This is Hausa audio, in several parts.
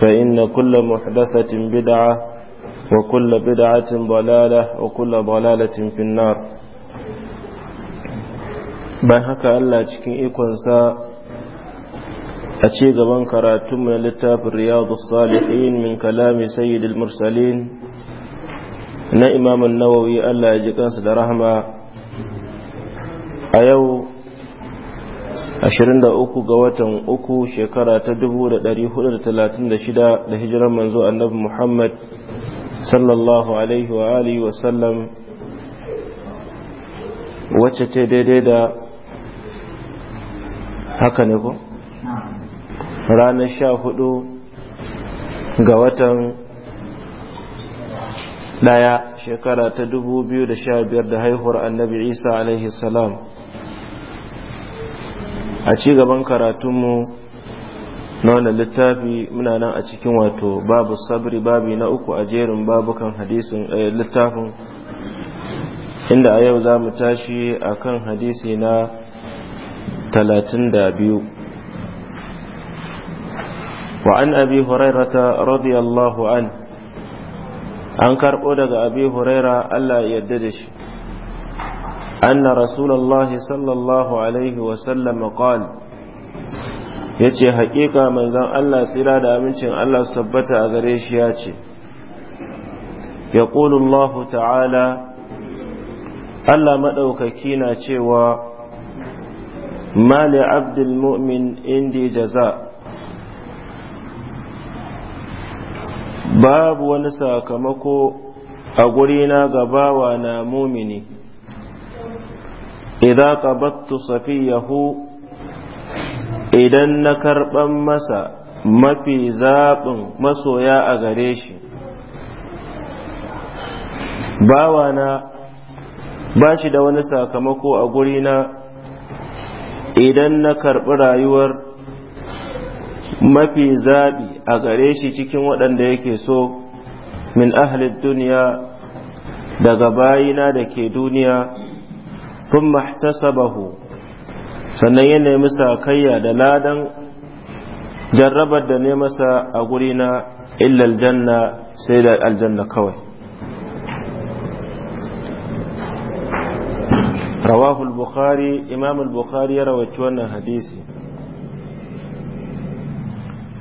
فإن كل محدثة بدعة وكل بدعة ضلالة وكل ضلالة في النار bayan haka Allah cikin ikonsa a ce gaban karatun mai littafin riyadu salihin min kalami Sayyidul mursalin na imamun nawawi Allah ya ji kansa da rahama a yau 23 ga watan uku shekara ta 1436 da hijirar manzo annabi Muhammad sallallahu alaihi wa alihi wa sallam wacce ta daidai da haka ne ko ranar 14 ga watan daya shekara ta 2015 da haihuwar annabi Isa alaihi salam a ci gaban karatunmu na wannan littafi muna nan a cikin wato babu sabri babi na uku a jerin babukan hadisin eh, littafin inda a yau za mu tashi a kan hadisi na talatin da biyu وعن أبي هريرة رضي an karɓo daga abi huraira Allah yadda da shi أن رسول الله صلى الله عليه وسلم قال yace haƙiƙa manzon Allah tsira da abincin Allah su tabbata a gare shi ya ce ya Allah ta'ala Allah maɗaukaki na cewa mali abdul mu'min indi jaza babu wani sakamako a gurina gabawa na mumini idza qabattu safiyahu idan na karɓan masa mafi zaɓin masoya a gare shi bawana ba shi da wani sakamako a gurina idan na karɓi rayuwar mafi zaɓi a gare shi cikin waɗanda yake so min ahalin duniya daga bayina da ke duniya ثم احتسبه sannan ya nemi sakayya da ladan jarrabar da ne masa a gurina illa aljanna sai da aljanna kawai rawahu bukhari imam bukhari ya rawaci wannan hadisi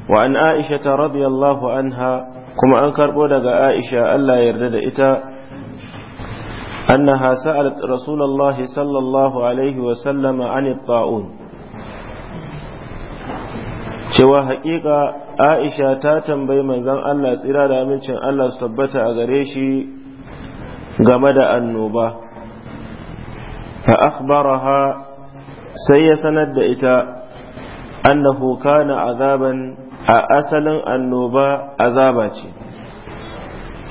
wa an aisha radiyallahu anha kuma an karbo daga aisha Allah ya yarda da ita أنها سألت رسول الله صلى الله عليه وسلم عن الطاعون cewa haƙiƙa aisha ta tambayi manzon Allah tsira da amincin Allah su tabbata a gare shi game da annoba fa akhbaraha sai ya sanar da ita annahu kana azaban a asalin annoba azaba ce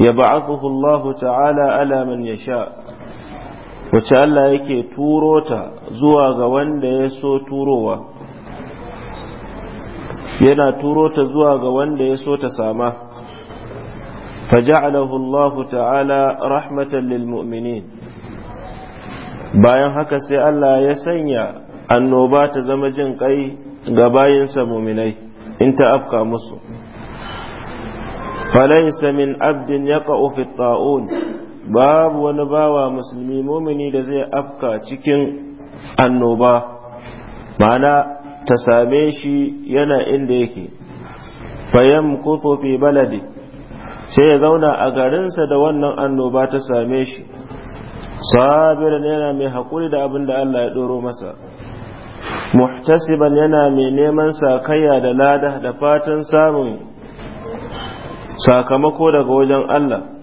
ya ba'athuhu Allah ta'ala ala man yasha wacce Allah yake turo ta zuwa ga wanda ya so turowa yana turo ta zuwa ga wanda ya so ta sama فجعله الله ta'ala rahmatan للمؤمنين bayan haka sai Allah ya sanya annoba ta zama jin kai ga bayinsa muminai in ta afka musu falaysa min abdin yaqa'u fi ta'un babu wani bawa musulmi mumini da zai afka cikin annoba ma'ana ta same shi yana inda yake Bayan kuto fi baladi sai ya zauna a garinsa da wannan annoba ta same shi sabirin yana mai haƙuri da abin da Allah ya ɗoro masa muhtasiban yana mai neman sakayya da lada da fatan samun sakamako daga wajen Allah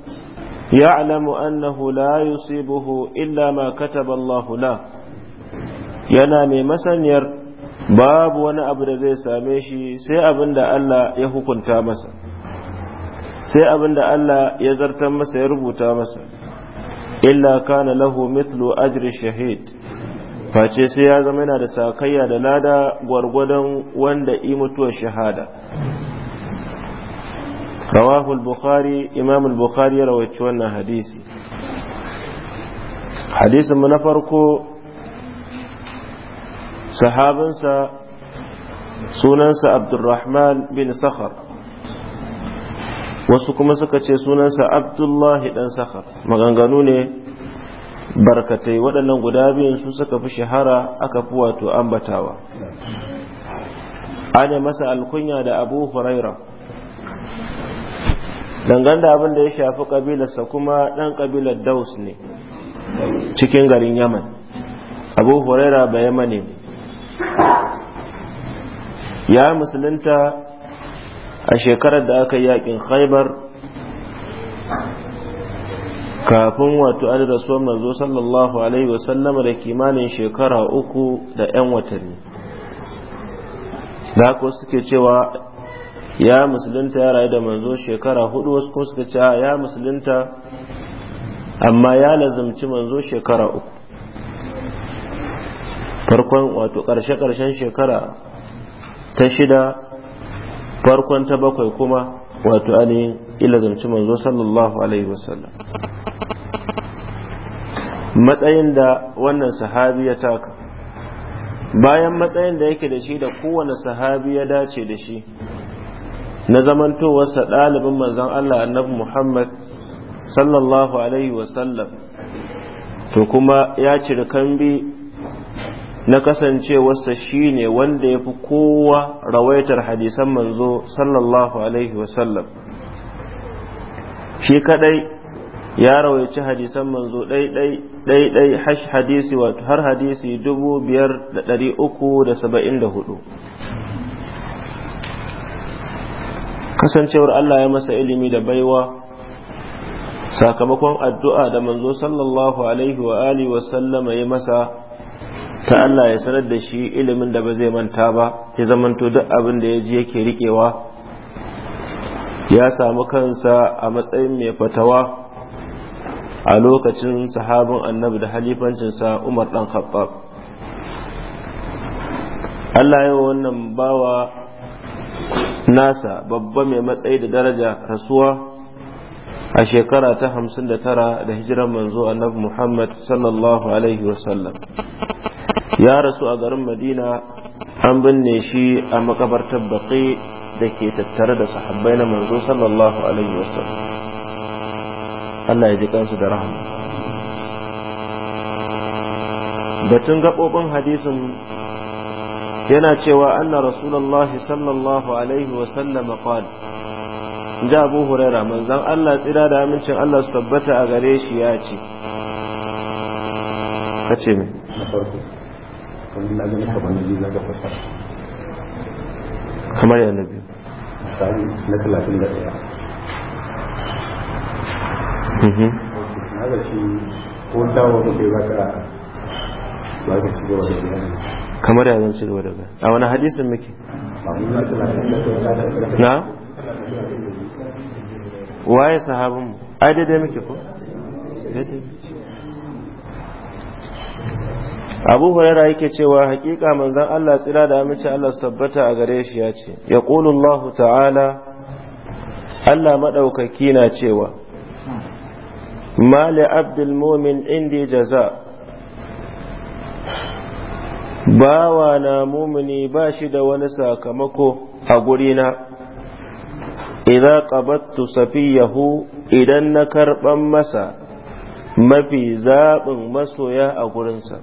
يعلم أنه لا يصيبه إلا ما كتب الله له yana mai masaniyar babu wani abu da zai same shi sai abin Allah ya hukunta masa sai abin Allah ya zartar masa ya rubuta masa illa kana lahu mithlu ajri shahid face sai ya zama yana da sakayya da lada gwargwadon wanda i mutuwar shahada rawahul al imamul imam bukhari ya rawaci wannan hadisi hadisin mu na farko sahabinsa sunansa abdurrahman bin sakhar wasu kuma suka ce sunansa abdullahi dan sakhar maganganu ne barkatai waɗannan guda biyun su suka fi shahara aka fi wato ambatawa ana masa alkunya da abu huraira dangane da abin da ya shafi kabilarsa kuma ɗan kabilar daus ne cikin garin yaman abu huraira ba yama ne ya musulunta a shekarar da aka yi yakin khaibar kafin wato an rasuwar mazo sallallahu alaihi wasallama da kimanin shekara uku da 'yan watanni da haka suke cewa ya musulunta ya rayu da manzo shekara hudu wasu kuma suka ce ya musulunta amma ya lazumci manzo shekara uku farkon wato ƙarshe-ƙarshen shekara ta shida farkon ta bakwai kuma wato ainihin ilazumci manzo sallallahu alaihi wasallam matsayin da wannan sahabi ya taka bayan matsayin da yake da shi da kowane sahabi ya dace da shi na zamantowarsa ɗalibin manzon Allah annabi Muhammad sallallahu alaihi sallam to kuma ya ciri kambi na kasancewarsa shi ne wanda ya fi kowa rawaitar hadisan manzo sallallahu alaihi sallam shi kadai ya rawaici hadisan manzo ɗaiɗai har hadisi dubu biyar da ɗari uku da saba'in da hudu kasancewar Allah ya masa ilimi da baiwa sakamakon addu'a da manzo sallallahu alaihi wa alihi wa sallama ya masa ta Allah ya sanar da shi ilimin da ba zai manta ba ya zamanto duk abin da ya ji yake riƙewa ya samu kansa a matsayin mai fatawa a lokacin sahabin annabi da halifancinsa umar ɗan khattab Allah yi wannan bawa nasa babba mai matsayi da daraja rasuwa a shekara ta hamsin da tara da hijiran manzo annabi Muhammad sallallahu alaihi wasallam ya rasu a garin Madina an binne shi a makabartar baƙi da ke tattare da sahabbai na manzo sallallahu alaihi wasallam Allah ya ji kansu da rahama batun gaɓoɓin hadisin yana cewa anna rasulullahi sallallahu alaihi wa sallam qala ja abu huraira manzon Allah tsira da amincin Allah su tabbata a gare shi ya ce kace me kamar yana biyu misali mhm. na talatin da ɗaya na da shi ko dawo da ke baka ba ka ci gaba da kamar yanzu ci gaba daga a wani hadisin muke na waye sahabin mu ai daidai muke ko abu huraira yake cewa hakika manzan Allah tsira da amince Allah su tabbata a gare shi ya ce ya Allah ta'ala Allah maɗaukaki na cewa mali abdul mumin indi jaza bawa na mumini ba shi da wani sakamako a gurina idan qabattu safiyahu idan na karban masa mafi zaɓin masoya a gurinsa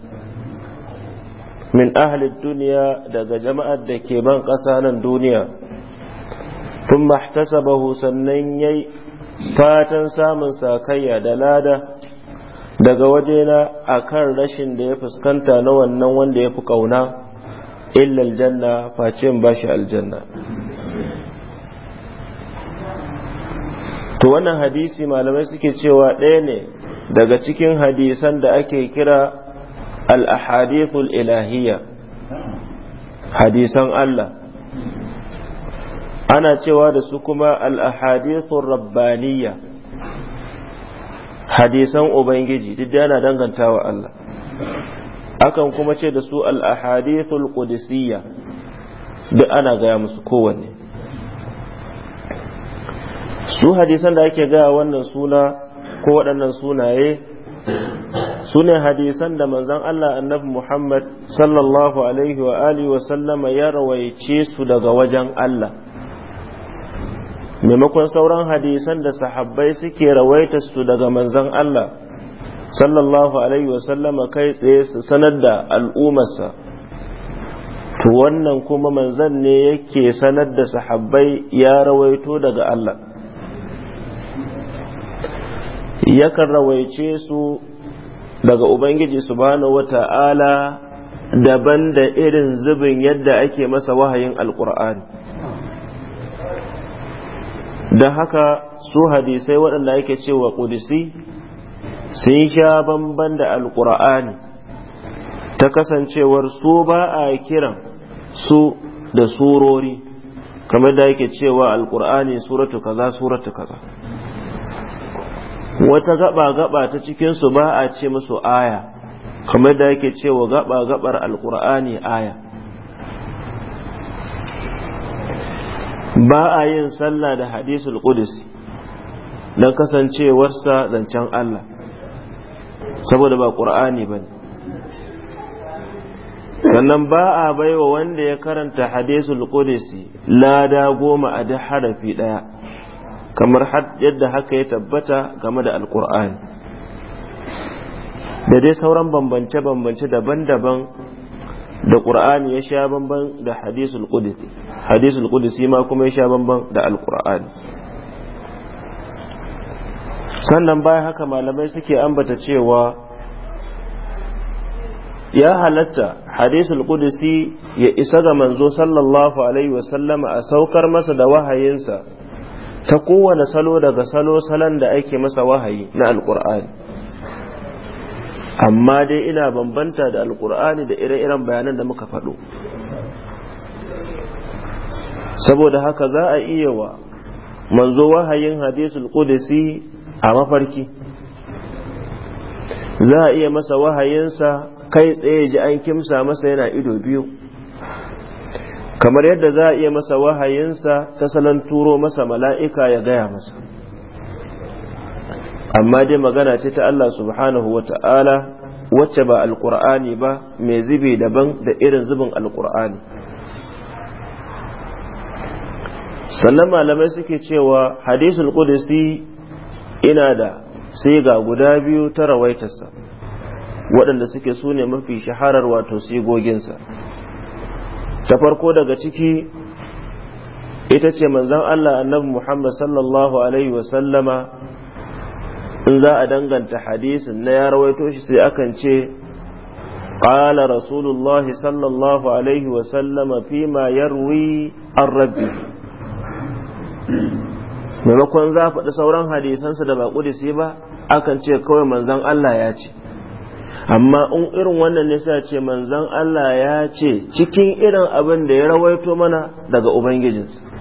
min ahalin duniya daga jama'ar da ke ban ƙasa nan duniya tun mahtasabahu sannan yai fatan samun sakayya da lada daga wajena kan rashin da ya fuskanta na wannan wanda ya fi ƙauna illa aljanna face ba bashi aljanna to wannan hadisi malamai suke cewa ɗaya ne daga cikin hadisan da ake kira al-ahadithul ilahiyya hadisan Allah ana cewa da su kuma al-ahadithur rabbaniyya hadisan ubangiji duk da yana dangantawa Allah akan kuma ce da su al-ahadithul qudusiyya duk ana gaya musu kowanne su hadisan da ake gaya wannan suna ko waɗannan sunaye su ne hadisan da manzon Allah annabi Muhammad sallallahu alaihi wa alihi wa sallama ya rawaice su daga wajen Allah maimakon sauran hadisan da sahabbai suke rawaita su daga manzon Allah sallallahu alaihi wasallama kai tsaye su sanar da al'ummarsa to wannan kuma manzon ne yake sanar da sahabbai ya rawaito daga Allah yakan rawaice su daga Ubangiji subhanahu wata'ala daban da irin zubin yadda ake masa wahayin alkur'ani da haka su hadisai waɗanda yake cewa ƙudisi sun sha bamban da alƙur'ani ta kasancewar su ba a kiran su da surori kamar da yake cewa alƙur'ani suratu kaza suratu kaza wata gaba-gaba ta cikinsu ba a ce musu aya kamar da yake cewa gaba-gabar alƙur'ani aya ba a yin sallah da hadisul qudsi don kasancewarsa zancen Allah saboda ba ƙur'ani bane sannan ba a baiwa wanda ya karanta hadisul qudsi lada goma a duk harafi ɗaya kamar yadda haka ya tabbata game da alƙur'ani da dai sauran bambance-bambance daban-daban da qur'ani ya sha bamban da hadisul qudsi hadisul qudsi ma kuma ya sha bamban da alqur'ani sannan bayan haka malamai suke ambata cewa ya halatta hadisul qudsi ya isa ga manzo sallallahu alaihi wasallama a saukar masa da wahayinsa ta kowane salo daga salo salon da ake masa wahayi na alqur'ani amma dai ina bambanta da alkur'ani da ire-iren bayanan da muka faɗo saboda haka za a iya wa manzo wahayin hadisul qudsi a mafarki za a iya masa wahayinsa kai tsaye ji an kimsa masa yana ido biyu kamar yadda za a iya masa wahayinsa ta salon turo masa mala'ika ya gaya masa amma dai magana ce ta Allah subhanahu wa ta'ala wacce ba alƙur'ani ba mai zubi daban da irin zubin alƙur'ani sannan malamai suke cewa hadisul qudsi ina da siga guda biyu ta rawaitarsa waɗanda suke su ne mafi shaharar wato sigoginsa ta farko daga ciki ita ce manzon Allah annabi Muhammad sallallahu alaihi wa sallama in za a danganta hadisin na ya rawaito shi sai akan ce qala rasulullah sallallahu alaihi wa sallama ma yarwi ar-rabbi maimakon za faɗi sauran hadisansa da ba sai ba akan ce kawai manzan Allah ya ce amma in irin wannan ne sai ce manzan Allah ya ce cikin irin abin da ya rawaito mana daga ubangijinsa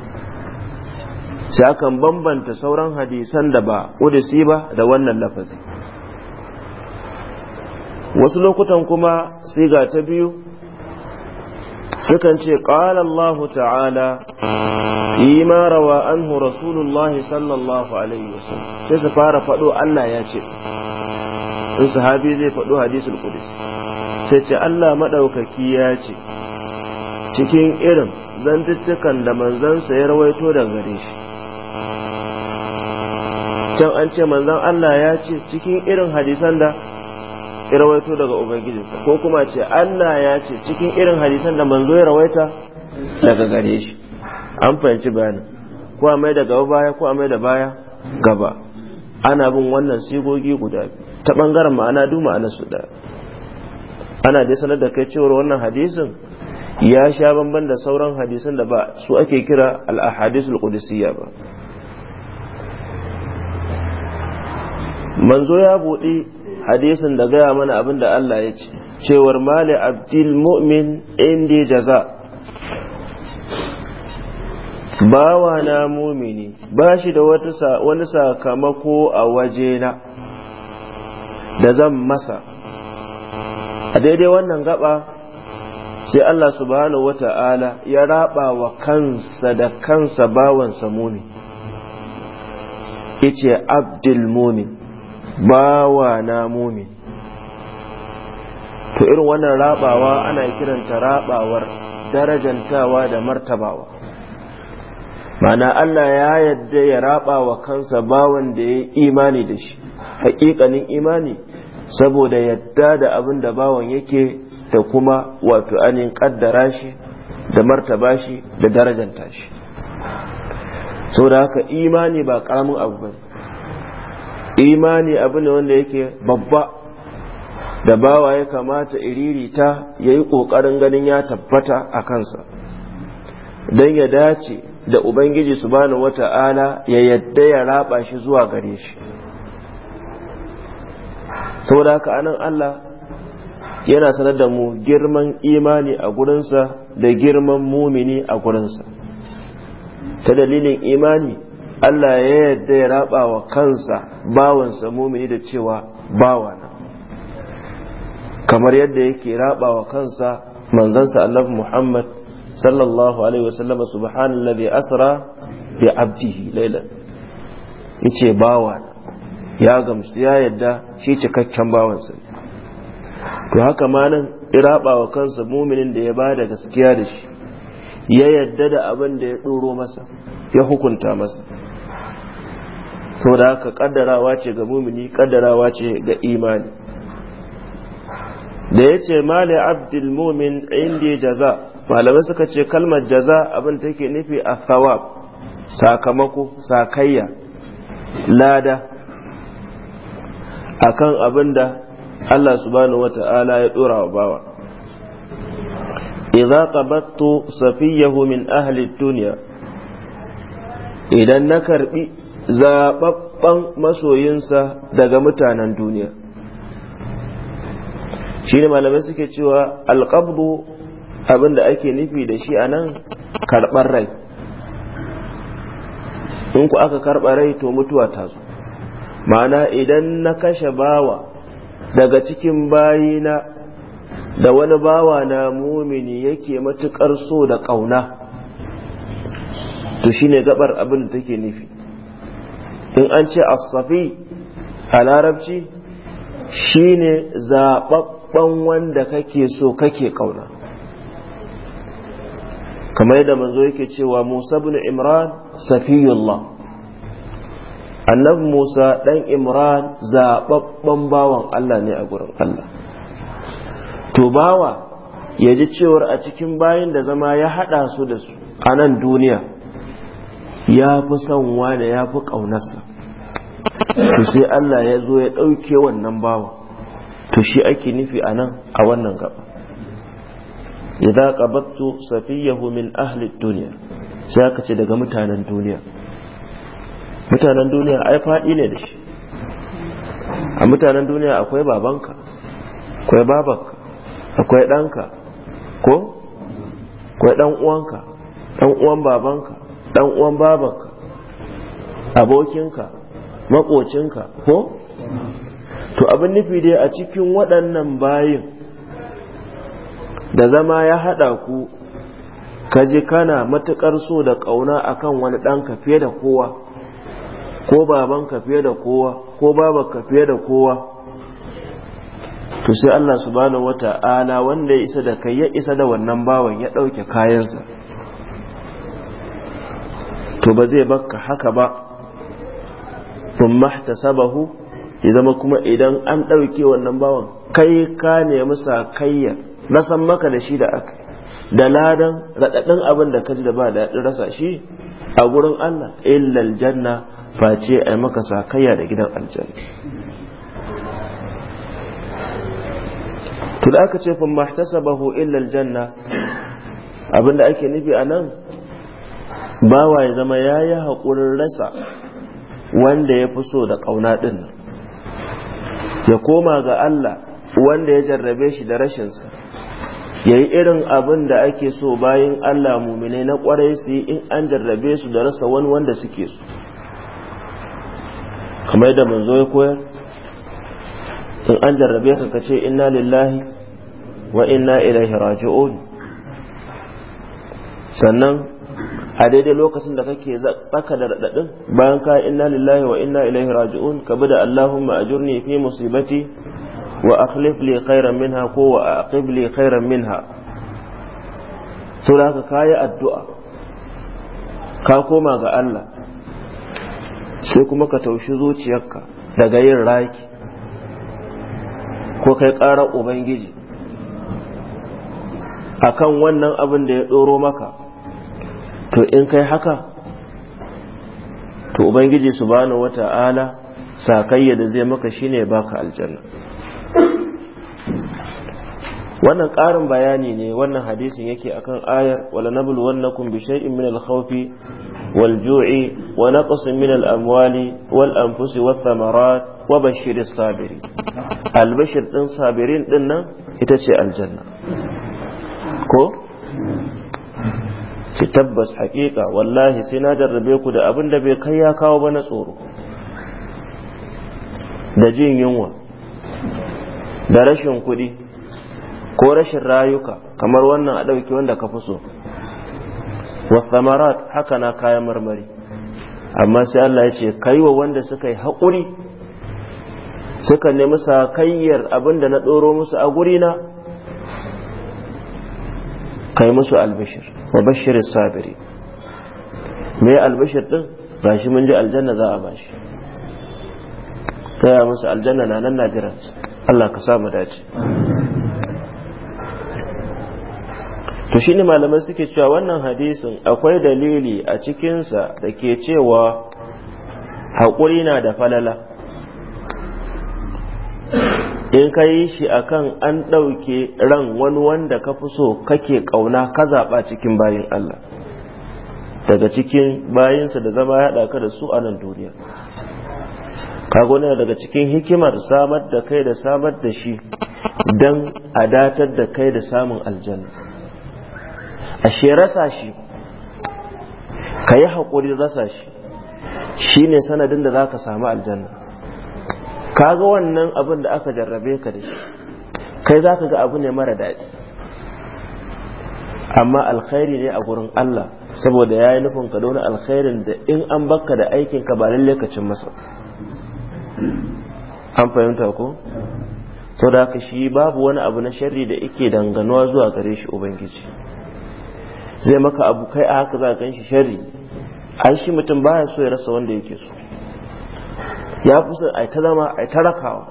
sai akan bambanta sauran hadisan da ba ƙudisi ba da wannan lafazi wasu lokutan kuma siga ta biyu sukan ce ƙala Allah ta'ala ima rawa anhu rasulullahi sallallahu alaihi wasallam sai su fara faɗo Allah ya ce in sahabi zai faɗo hadisul qudus sai ce Allah maɗaukaki ya ce cikin irin zantuttukan da manzansa ya rawaito daga gare shi can an ce manzon Allah ya ce cikin irin hadisan da ya rawaito daga Ubangiji ko kuma ce Allah ya ce cikin irin hadisan da manzo ya rawaita daga gare shi an fahimci bayanin ko a mai da gaba baya ko a mai da baya gaba ana bin wannan sigogi guda ta bangaren ma'ana du ma'ana su da ana dai sanar da kai cewar wannan hadisin ya sha bamban da sauran hadisan da ba su ake kira al-ahadisul qudusiyya ba manzo ya buɗi hadisin da gaya mana abin da Allah ya ce cewar mali abdil mu'min inda jaza bawa na mumini ba shi da wani sakamako a waje na da zan masa a daidai wannan gaba sai Allah subhanahu wa ta'ala ya raba wa kansa da kansa bawansa mumi ce abdil mumin bawa na mumin to irin wannan rabawa ana kiranta rabawar darajantawa da martabawa mana Allah ya yadda ya raba kansa bawan da ya imani da shi hakikanin imani saboda yadda da abin da bawan yake da kuma wato anin kaddara shi da martaba shi da darajanta shi saboda haka imani ba karamin abu ba imani abu ne wanda yake babba da bawa ya kamata iririta ya yi ƙoƙarin ganin ya tabbata a kansa don ya dace da ubangiji su bani wata'ala ya yadda ya raba shi zuwa gare shi saboda haka anan Allah yana sanar da mu girman imani a gurinsa da girman mumini a gurinsa ta dalilin imani Allah ya yadda ya raba wa kansa bawansa mumini da cewa bawana kamar yadda yake raba wa kansa manzansa Allah Muhammad sallallahu alaihi wasallam subhanallazi asra bi abdihi laylan yace bawana ya gamsu ya yadda shi cikakken bawansa to haka ma nan iraba wa kansa muminin da ya bada gaskiya da shi ya yadda da abin da ya ɗoro masa ya hukunta masa da haka kaddarawa ce ga mumini kaddarawa ce ga imani da ya ce mali abdul mumin indi jaza malamai suka ce kalmar jaza abin take nufi a thawab sakamako sakayya lada akan abin da Allah subhanahu wata'ala ya dora wa bawa idza qabattu safiyahu min ahli dunya idan na karbi zababban masoyinsa daga mutanen duniya shi ne malamai suke cewa alƙabdu abin da ake nufi da shi a nan karɓar rai in ku aka karɓa rai to mutuwa ta zo ma'ana idan na kashe bawa daga cikin bayina da wani bawa na mumini yake matuƙar so da ƙauna to shi ne gabar abin da take nufi in an ce asafi safi a larabci shi ne zaɓaɓɓen wanda kake so kake ƙauna. kamar yadda manzo yake cewa Musa bin Imran safiyullah annabi Musa ɗan Imran zaɓaɓɓen bawan Allah ne a gurin Allah to bawa ya ji cewar a cikin bayan da zama ya haɗa su da su a nan duniya ya fi son da ya fi ƙaunarsa to sai Allah ya zo ya ɗauke wannan bawa to shi ake nufi a nan a wannan gaba idza qabattu safiyahu min ahli duniya. sai aka ce daga mutanen duniya mutanen duniya ai faɗi ne da shi a mutanen duniya akwai babanka akwai babanka akwai ɗanka ko akwai ɗan uwanka ɗan uwan babanka Ɗan uwan babanka abokinka makocinka ko to abin nufi dai a cikin waɗannan bayin da zama ya haɗa ku ka ji kana matuƙar so da ƙauna akan wani ɗanka fiye da kowa ko babanka fiye da kowa ko babanka fiye da kowa to sai Allah subhanahu wata'ala wanda ya isa da kai ya isa da wannan bawan ya ɗauke kayansa to ba zai baka haka ba sun mahtasabahu ya zama kuma idan an ɗauke wannan bawan kai ka nemi sakayya na san maka da shi da aka da ladan raɗaɗin abin da ka ji da ba daɗin rasa shi a gurin Allah illal janna face a maka sakayya da gidan aljanna to da aka ce fa mahtasabahu illal janna abin da ake nufi a nan bawa ya zama ya yi haƙurin rasa wanda ya fi so da ƙauna ɗin ya koma ga Allah wanda ya jarrabe shi da rashinsa ya yi irin abin da ake so bayan Allah mumine na ƙwarai su yi in an jarrabe su da rasa wani wanda suke so kamar yadda manzo ya koyar in an jarrabe ka kace inna lillahi wa inna ilaihi raji'un sannan a daidai lokacin da kake tsaka da raɗaɗin, bayan ka inna lillahi wa inna ilaihi raji'un ka bi da allahumma ajurni fi musibati wa akhlif li khairan minha ko wa aqib li khairan minha sura ka kayi addu'a ka koma ga Allah sai kuma ka taushi zuciyarka daga yin raki ko kai ƙara ubangiji akan wannan abin da ya ɗoro maka to in kai haka to ubangiji subhanahu wata'ala sakayya da zai maka shine baka aljanna wannan ƙarin bayani ne wannan hadisin yake akan ayar wala nablu wannakum bi shay'in min al-khawfi wal ju'i wa naqsin min al-amwali wal anfusi wath thamarat wa bashiris sabiri albashir din sabirin din nan ita ce aljanna ko ki tabbas haƙiƙa wallahi sai na jarrabe ku da abin da bai kai ya kawo ba na tsoro da jin yunwa da rashin kuɗi ko rashin rayuka kamar wannan a ɗauki wanda ka fi so wasamarat haka na kayan marmari amma sai Allah ya ce kai wa wanda suka yi haƙuri suka nemi sakayyar abin da na ɗoro musu a gurina kai musu albishir wa bashir sabiri me albashir ba shi mun ji aljanna za a bashi gaya musu aljanna na nan najira Allah ka samu dace to ne malamai suke cewa wannan hadisin akwai dalili a cikinsa da ke cewa haƙuri na da falala in ka yi shi a kan an ɗauke ran wani wanda ka fi so kake ƙauna ka zaɓa cikin bayin Allah daga cikin bayinsa da zama ya ɗaka da su a nan duniya kago daga cikin hikimar samar da kai da samar da shi don a datar da kai da samun aljanna ashe rasa shi ka yi haƙuri rasa shi shine sanadin da za ka samu aljanna kaga wannan abin da aka jarrabe ka da shi kai za ka ga abu ne mara daɗi amma alkhairi ne a gurin Allah saboda ya yi nufin ka da alkhairin da in an baka da aikin ka ba lalle ka cin masa an fahimta ko to da haka shi babu wani abu na sharri da yake danganuwa zuwa gare shi ubangiji zai maka abu kai a haka za ka ganshi sharri An shi mutum baya so ya rasa wanda yake so ya fi son yi ta zama yi ta rakawa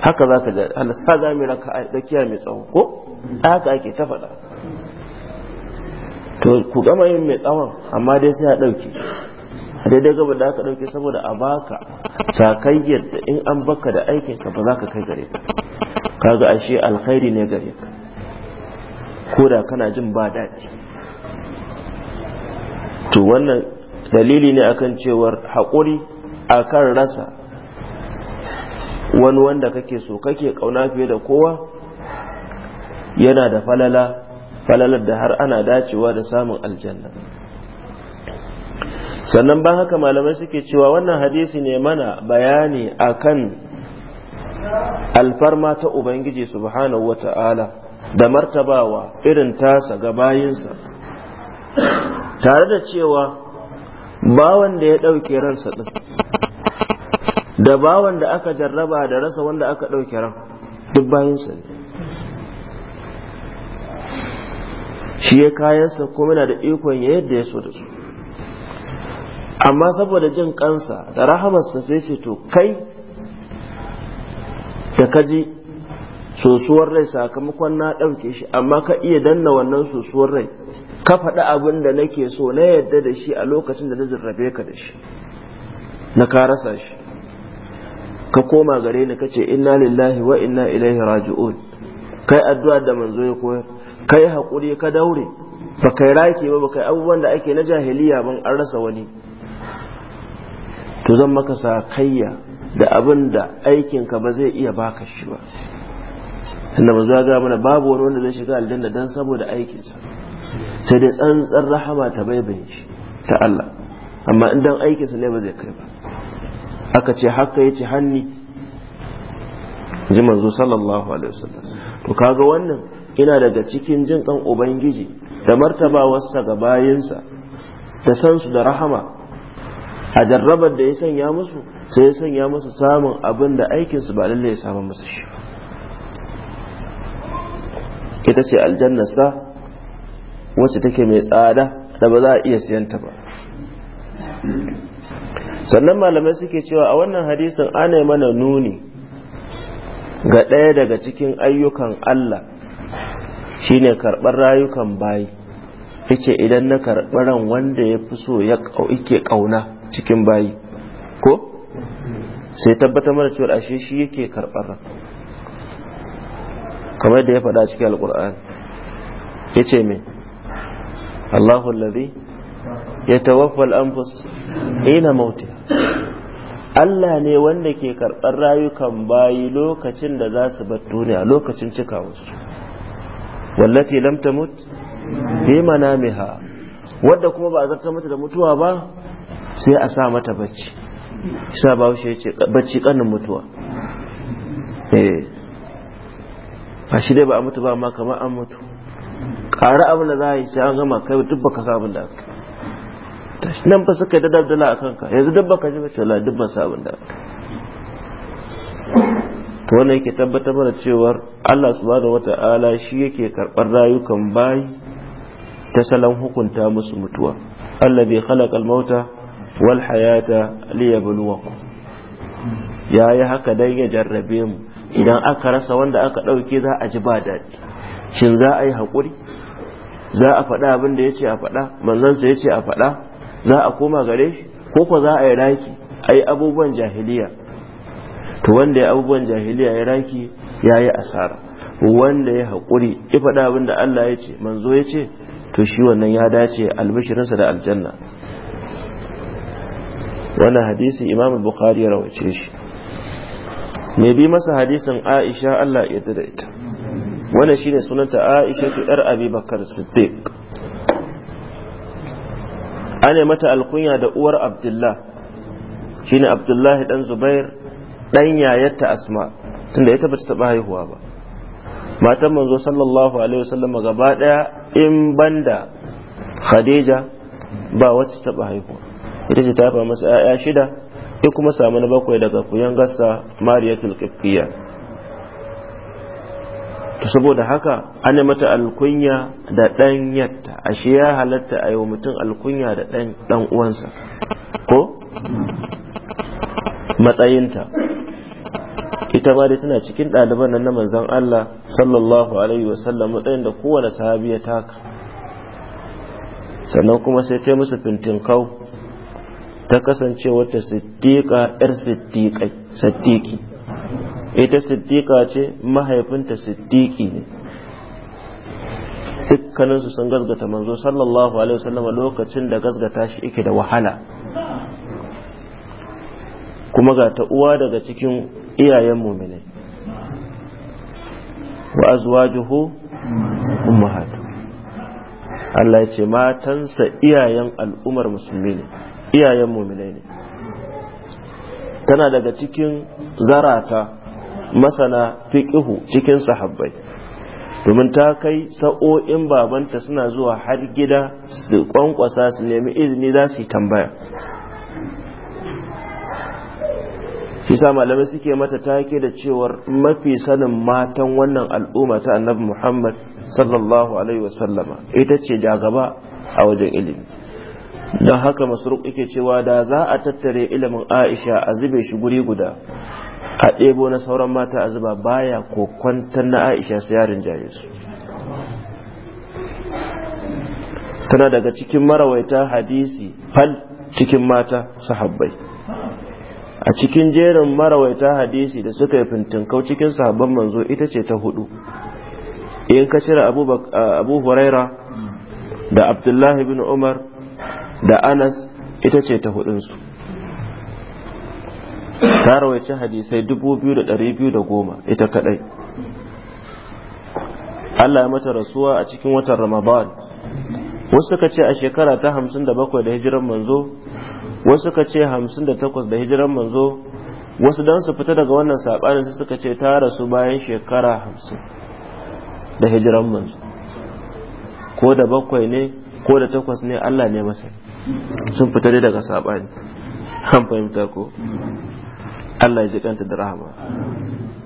haka za ka ga ana za mu raka tsakiya mai tsawo ko haka ake ta faɗa to ku gama yin mai tsawon amma dai sai a ɗauke daidai gaba da aka ɗauke saboda a baka sakayyar da in an baka da aikin ka ba za ka kai gare ka kaga ashe alkhairi ne gare ka ko da kana jin ba daɗi to wannan dalili ne akan cewar haƙuri A kan rasa wani wanda kake so kake kauna fiye da kowa yana da falala falalar da har ana dacewa da samun aljanna sannan ba haka malamai suke cewa wannan hadisi ne mana bayani a kan alfarma ta ubangiji subhanahu wata'ala da martabawa irin tasa ga bayinsa tare da cewa bawan da ya ɗauke ransa ɗin da bawan da aka jarraba da rasa wanda aka ɗauke ran duk bayansa shi ya kayansa kuma yana da ikon ya yadda ya so da su amma saboda jin kansa da rahamarsa sai ce to kai da kaji sosuwar rai sakamakon na ɗauke shi amma ka iya danna wannan sosuwar rai ka faɗi abin da nake so na yadda da shi a lokacin da na jarrabe ka da shi na ka rasa shi ka koma gare ni kace inna lillahi wa inna ilaihi raji'un kai addu'a da manzo ya koyar kai hakuri ka daure fa kai rake ba kai abubuwan da ake na jahiliya ban an rasa wani to zan maka sa kayya da abin da aikinka ba zai iya baka shi ba inda ba zuwa ga mana babu wani wanda zai shiga aljanna dan saboda aikinsa sai dai tsantsar rahama ta baibaye shi ta Allah amma in dan aikinsa ne ba zai kai ba aka ce haka ya ce hanni ji manzo sallallahu alaihi wasallam to kaga wannan ina daga cikin jin kan ubangiji da martabawarsa ga bayinsa da san su da rahama a jarrabar da ya sanya musu sai ya sanya musu samun abin da aikinsu ba lalle ya samu musu shi ita ce aljannarsa wacce take mai tsada da ba za a iya siyanta ba sannan malamai suke cewa a wannan hadisin ana mana nuni ga ɗaya daga cikin ayyukan Allah shine karɓar rayukan bayi yace idan na karɓaran wanda ya fi so ya ƙauke ƙauna cikin bayi ko sai tabbatar mana cewa ashe shi yake karɓar kamar da ya faɗa cikin ya ce mai. Allahu alladhi ya al-anfus ina mauti Allah ne wanda ke karɓar rayukan bayi lokacin da za su bar duniya lokacin cika wasu wallati lam tamut bi manamiha wadda kuma ba a zarta mata da mutuwa ba sai a sa mata bacci Isa ba ya ce bacci kanin mutuwa eh ba shi dai ba a mutu ba amma kamar an mutu ƙara abin da za a yi sai an gama kai duk baka sa abin da aka tashi nan su suka da dabdala a kanka yanzu dabba ka ji bace la duk sabon da to yake tabbatar mana cewar Allah subhanahu wata'ala shi yake karɓar rayukan bayi ta salon hukunta musu mutuwa bai khalaqa al-mauta wal hayata liyabluwakum yayi haka dan ya jarrabe mu idan aka rasa wanda aka ɗauke za a ji ba daɗi shin za a yi haƙuri za a faɗa abin ya ce a faɗa manzansa ya ce a faɗa za a koma gare shi ko ko za a yi raki a yi abubuwan jahiliya to wanda ya abubuwan jahiliya ya raki ya yi asara wanda ya haƙuri ya faɗa abin da Allah ya ce manzo ya ce to shi wannan ya dace albishirinsa da aljanna wannan hadisi imam bukhari ya rawace shi mai bi masa hadisin aisha Allah ya da ita wannan shine sunanta aisha yar abi bakar siddiq ane mata alkunya da uwar abdullah shine abdullahi dan zubair dan yayarta asma tunda ita bata taba haihuwa ba matan manzo sallallahu alaihi wasallam gaba daya in banda khadija ba wacce taba haihuwa ita ce ta haifa masa 'ya'ya shida ya kuma samu na bakwai daga kuyan gassa mariyatul qibtiyya to saboda haka ana mata alkunya da ɗanyarta ashe ya halatta a yi wa mutum alkunya da ɗan uwansa ko matsayinta ita ma dai tana cikin ɗaliban nan na manzon Allah sallallahu alaihi wa sallam matsayin da kowane sahabi ya taka sannan kuma sai ta musu fintin kau ta kasance wata siddiƙa 'yar siddiqi ita siddiƙa ce mahaifinta siddiƙi ne dukkaninsu sun gazgata manzo sallallahu alaihi wasallam lokacin da gazgata shi yake da wahala kuma ga ta uwa daga cikin iyayen muminai wa azwajuhu ummahatu Allah ya ce matansa iyayen al'ummar musulmi ne iyayen muminai ne tana daga cikin zarata masana fiƙihu cikin sahabbai domin ta kai sa'o'in babanta suna zuwa har gida su kwankwasa su nemi izini za su tambaya shi sa malamai suke mata take da cewar mafi sanin matan wannan al'umma ta annabi muhammad sallallahu alaihi wasallama ita ce jagaba a wajen ilimi don haka masu yake cewa da za a tattare ilimin aisha a zube shi guri guda a ɗebo na sauran mata a zuba baya ko kwantar na aisha su yarin jaye su tana daga cikin marawaita hadisi fal cikin mata sahabbai a cikin jerin marawaita hadisi da suka yi fintinkau cikin sahabban manzo ita ce ta hudu in ka cire abu huraira da abdullahi bin umar da anas ita ce ta hudunsu ta rawaice hadisai dubu biyu da biyu da goma ita kadai. Allah ya mata rasuwa a cikin watan Ramadan wasu suka ce a shekara ta hamsin da bakwai da hijiran manzo wasu suka ce hamsin da takwas da hijiran manzo wasu don su fita daga wannan saɓanin su suka ce ta rasu bayan shekara hamsin da hijiran manzo ko da bakwai ne ko da takwas ne Allah ne masa sun fita daga saɓani an fahimta ko Allah ya ji kanta da rahama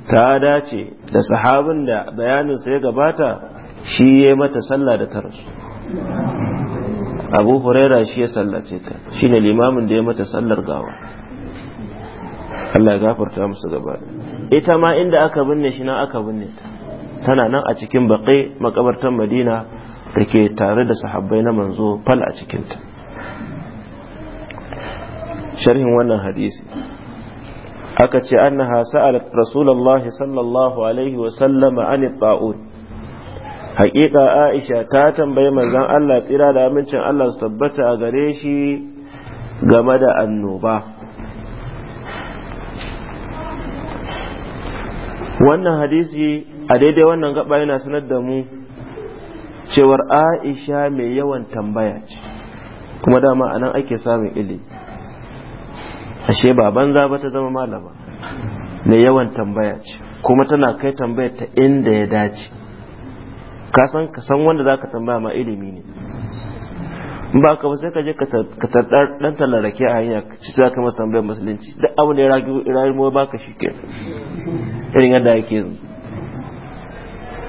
ta dace da sahabin da bayaninsa ya gabata shi ya mata sallah da ta rasu abu huraira shi ya sallace ta shi ne limamin da ya mata sallar gawa Allah ya gafarta musu gaba ita ma inda aka binne shi na aka binne ta tana nan a cikin baƙi makabartar madina da ke tare da sahabbai na manzo fal a cikinta sharhin wannan hadisi aka ce ha sa'alat rasulullah sallallahu alaihi wa sallama an ta'ud haƙiƙa Aisha ta tambayi manzon Allah tsira da amincin Allah su tabbata a gare shi game da annoba wannan hadisi a daidai wannan gaba yana sanar da mu cewar aisha mai yawan tambaya ce kuma dama a nan ake samun ilimi ashe ba banza ba ta zama malama ne yawan tambaya ce kuma tana kai tambayar ta inda ya dace ka san ka san wanda zaka tambaya ma ilimi ne in ba ka ba sai ka je ka tardar dan tallarake a hanya ci zaka masa tambayar musulunci duk abu ne rayuwa baka shi ke irin yadda yake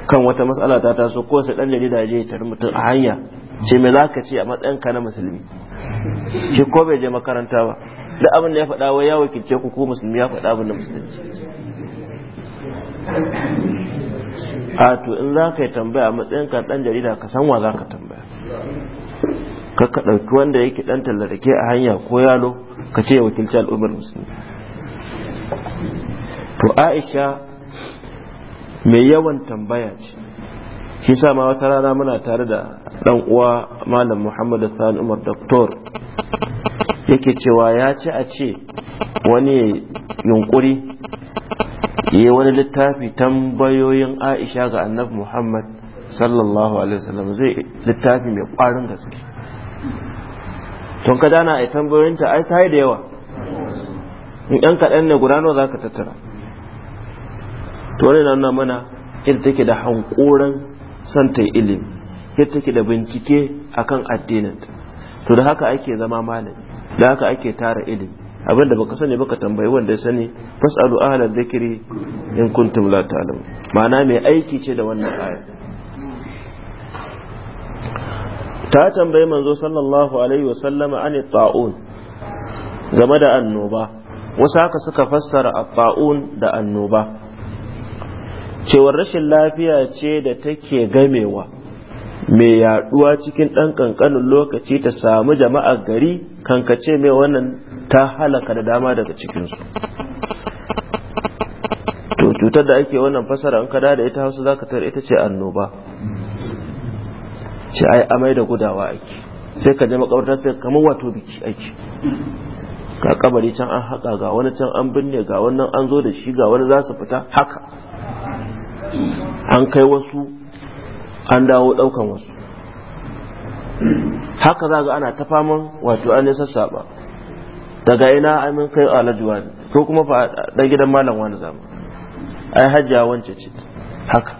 kan wata matsala ta taso ko sai dan jarida je ya mutum a hanya ce me zaka ce a matsayin ka na musulmi shi ko bai je makaranta ba da abin da ya faɗa wai ya wakilce ku ko musulmi ya faɗa abin da musulunci a to in za ka yi tambaya matsayin ka ɗan jarida ka san wa za ka tambaya ka ka ɗauki wanda yake ɗan tallarake a hanya ko yalo ka ce ya wakilci al'ummar musulmi to aisha mai yawan tambaya ce shi sa ma wata rana muna tare da ɗan uwa malam muhammad sani umar doktor yake cewa ya ci a ce wani yunkuri yi wani littafi tambayoyin aisha ga annabi muhammad sallallahu alaihi wasallam zai littafi mai kwarin gaske tun ka dana a tambayoyinta ai ta da yawa in yan kaɗan ne guda nawa za ka tattara to wani na mana yadda take da hankoran santa ilimi yadda take da bincike akan addininta to da haka ake zama malami da haka ake tara ilimi abin da baka sani baka tambayi wanda ya sani fasalu ahla dhikri in kuntum la ta'lamun ma'ana mai aiki ce da wannan aya ta tambayi manzo sallallahu alaihi wa sallama an ta'un game da annoba wasu haka suka fassara at-ta'un da annoba cewar rashin lafiya ce da take gamewa mai yaduwa cikin ɗan kankanin lokaci ta samu jama'a gari kankace mai wannan ta halaka da dama daga cikinsu to cutar da ake wannan fasara in ka da ita hausa za ka ita ce annoba ce ai amai da gudawa ake sai ka je makabarta sai kamar wato biki ake ga kabari can an haƙa ga wani can an binne ga wannan an zo da shi ga wani za su fita haka an kai wasu an dawo ɗaukan wasu haka za ga ana ta faman wato an sassaɓa daga ina amin kai alajuwa ne ko kuma fa dan gidan malam wani zama ai hajjiya wance ce haka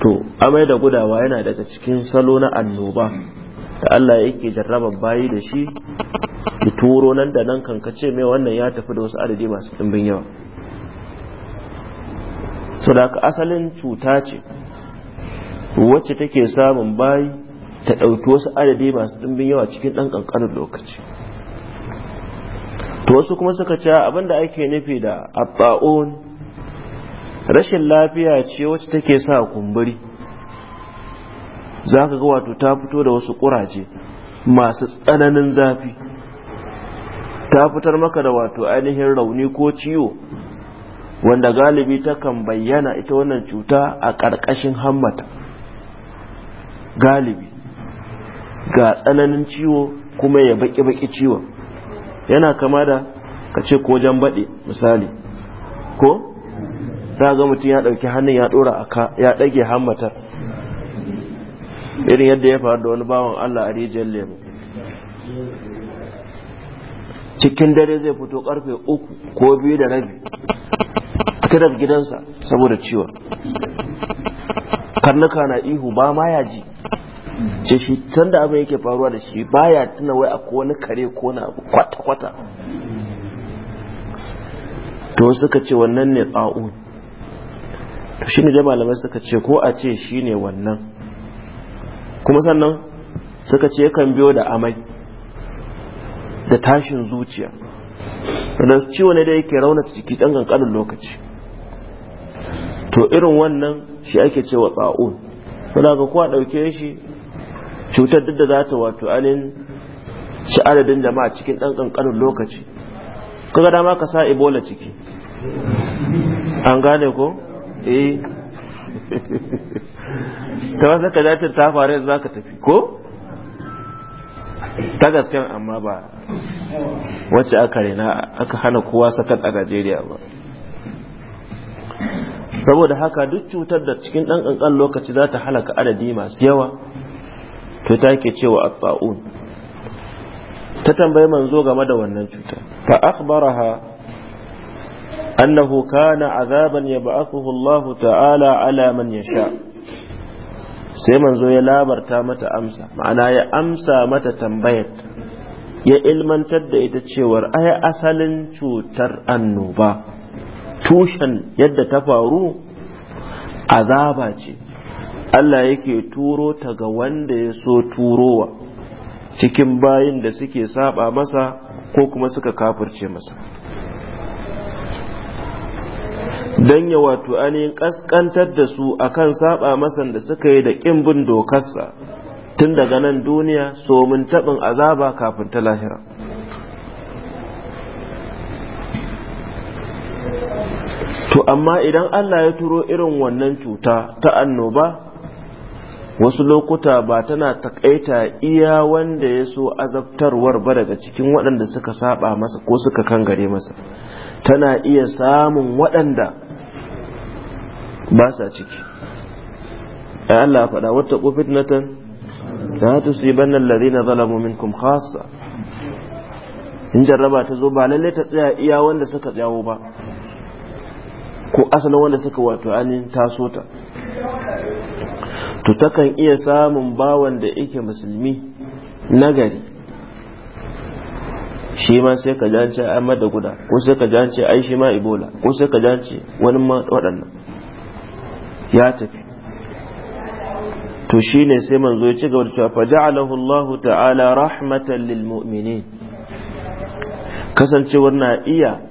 to amai da gudawa yana daga cikin salo na annoba da Allah yake jarraban bayi da shi ki turo nan da nan kankace mai wannan ya tafi da wasu adadi masu ɗimbin yawa so da asalin cuta ce wacce take samun bayi ta ɗauki wasu adadi masu ɗimbin yawa cikin ɗan ƙanƙanin lokaci to wasu kuma suka ce abin da ake nufi da abba'un rashin lafiya ce wacce take sa kumburi za ka ga wato ta fito da wasu ƙuraje masu tsananin zafi ta fitar maka da wato ainihin rauni ko ciwo wanda galibi takan bayyana ita wannan cuta a ƙarƙashin hammata galibi ga tsananin ciwo kuma ya baki-baki ciwon yana kama da ka ce ko jan baɗe misali ko za ga mutum ya ɗauki hannun ya ɗora a ka ya ɗage hammatar irin yadda ya faru da wani bawan Allah a rijiyar lemu cikin dare zai fito karfe uku ko biyu da rabi Kira gidansa saboda ciwon karnuka na ihu ba ma ya ji ce shi da abin yake faruwa da shi ba ya tuna wai akwai wani kare ko na kwata-kwata to suka ce wannan ne tsa'un to shi ne da malamai suka ce ko a ce shi ne wannan kuma sannan suka ce yakan biyo da amai da tashin zuciya da ciwo ne da yake raunata jiki ɗan ƙanƙanin lokaci to irin wannan shi ake cewa tsa'un kuna ga kuwa ɗauke shi cutar duk da za ta wato alin shi adadin jama'a cikin ɗan kankanin lokaci kaga dama ka sa ebola ciki an gane ko eh ta wasa ka dace ta faru za ka tafi ko ta gasken amma ba wacce aka rena aka hana kowa sakat a najeriya ba saboda haka duk cutar da cikin ɗan ƙanƙan lokaci za ta halaka adadi masu yawa to ta ke cewa abba'un ta tambayi manzo game da wannan cuta fa akhbaraha annahu kana azaban yab'athuhu Allah ta'ala ala man yasha sai manzo ya labarta mata amsa ma'ana ya amsa mata tambayar ya ilmantar da ita cewar ai asalin cutar annoba tushen yadda ta faru azaba ce Allah yake turo ta ga wanda ya so turowa cikin bayin da suke saba masa ko kuma suka kafirce masa don ya wato ainihin ƙasƙantar da su akan saba masan da suka yi da ƙin bin dokarsa tun daga nan duniya so mun taɓin azaba kafin ta lahira to amma idan Allah ya turo irin wannan cuta ta annoba wasu lokuta ba tana takaita iya wanda ya so azabtarwar ba daga cikin waɗanda suka saba masa ko suka kangare masa tana iya samun waɗanda ba sa ciki ya Allah faɗa wata fitnatan la tusibanna na zalamu minkum khasa in jarraba ta zo ba lalle ta tsaya iya wanda suka jawo ba ko asalin wanda suka wato ainihin taso ta to takan iya samun bawan da yake musulmi nagari shi ma sai ka jance an mada guda ko sai ka jance ai shi ma ibola ko sai ka jance wani ma waɗannan ya tafi to shi ne sai manzo ya ci gaba da cewa fa ja'alahu Allah ta'ala rahmatan lil mu'minin kasancewar na iya